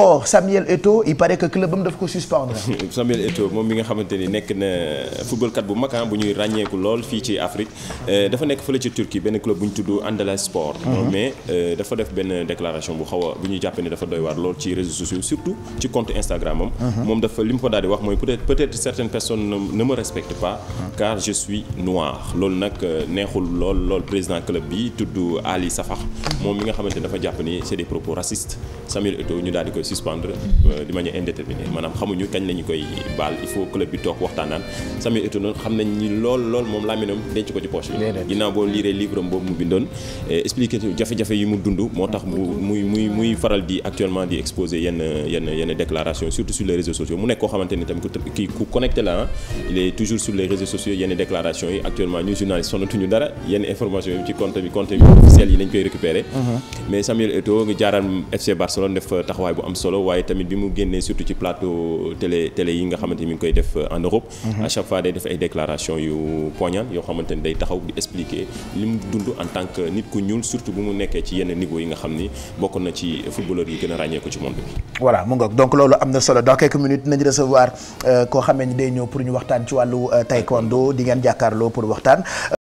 or oh, Samuel Eto'o il paraît que club am daf ko suspendre. Samuel Eto'o moom mi nga xamante ni nekk na footballkat bu mag ah, bu ñuy ràññeeku lool fii ci Afrique eh, dafa nekk fële ci Turquie benn club bu ñu tudd Andala Sport. Mhm. mais eh, def benn déclaration bu xaw a bu ñu jàppee ne dafa doy waar lool ci réseaux sociaux surtout ci compte Instagram am. Mhm. moom dafa li mu ko daal di wax mooy peut-être peut-être certaines personnes ne me respectent pas. Mhm. car je suis noir loolu nag eh, neexul lool lool président club bi tudd Ali Safar moom mi nga xamante ni dafa jàpp ni c'est des propos racistes Samuel Eto'o ñu daal di ko suspendre euh, de manière indéterminée maanaam xamuñu kañ la koy baal il faut club bi toog waxtaanaan Samuel Eto'o noonu xam nañ ni lool lool moom làmmiñam denc ko ci poche yi boobu mu bindoon euh, expliqué jafe-jafe yi mu dund moo tax mu muy muy faral di actuellement di exposer yenn yenn déclaration surtout sur les réseaux sociaux mu nekk koo xamante ni tamit ki ku connecté la toujours sur les réseaux sociaux yenn déclaration yi actuellement am solo waaye tamit bi mu génnee surtout ci plateau télé télé yi nga xamante ni mi ngi koy def euh, en Europe. Mhm. à chaque fois day def ay déclaration yu poignant yoo xamante ni day taxaw di expliquer li mu dund en tant que nit ku ñuul surtout bu mu nekkee ci yenn niveau yi nga xam ni bokk na ci footballeur yi gën a ràññee ci monde bi. voilà mu ngoog donc loolu am na solo dans quelques minutes nañ recevoir euh, koo xamee ni day ñëw pour ñu waxtaan ci wàllu euh, taekwondo di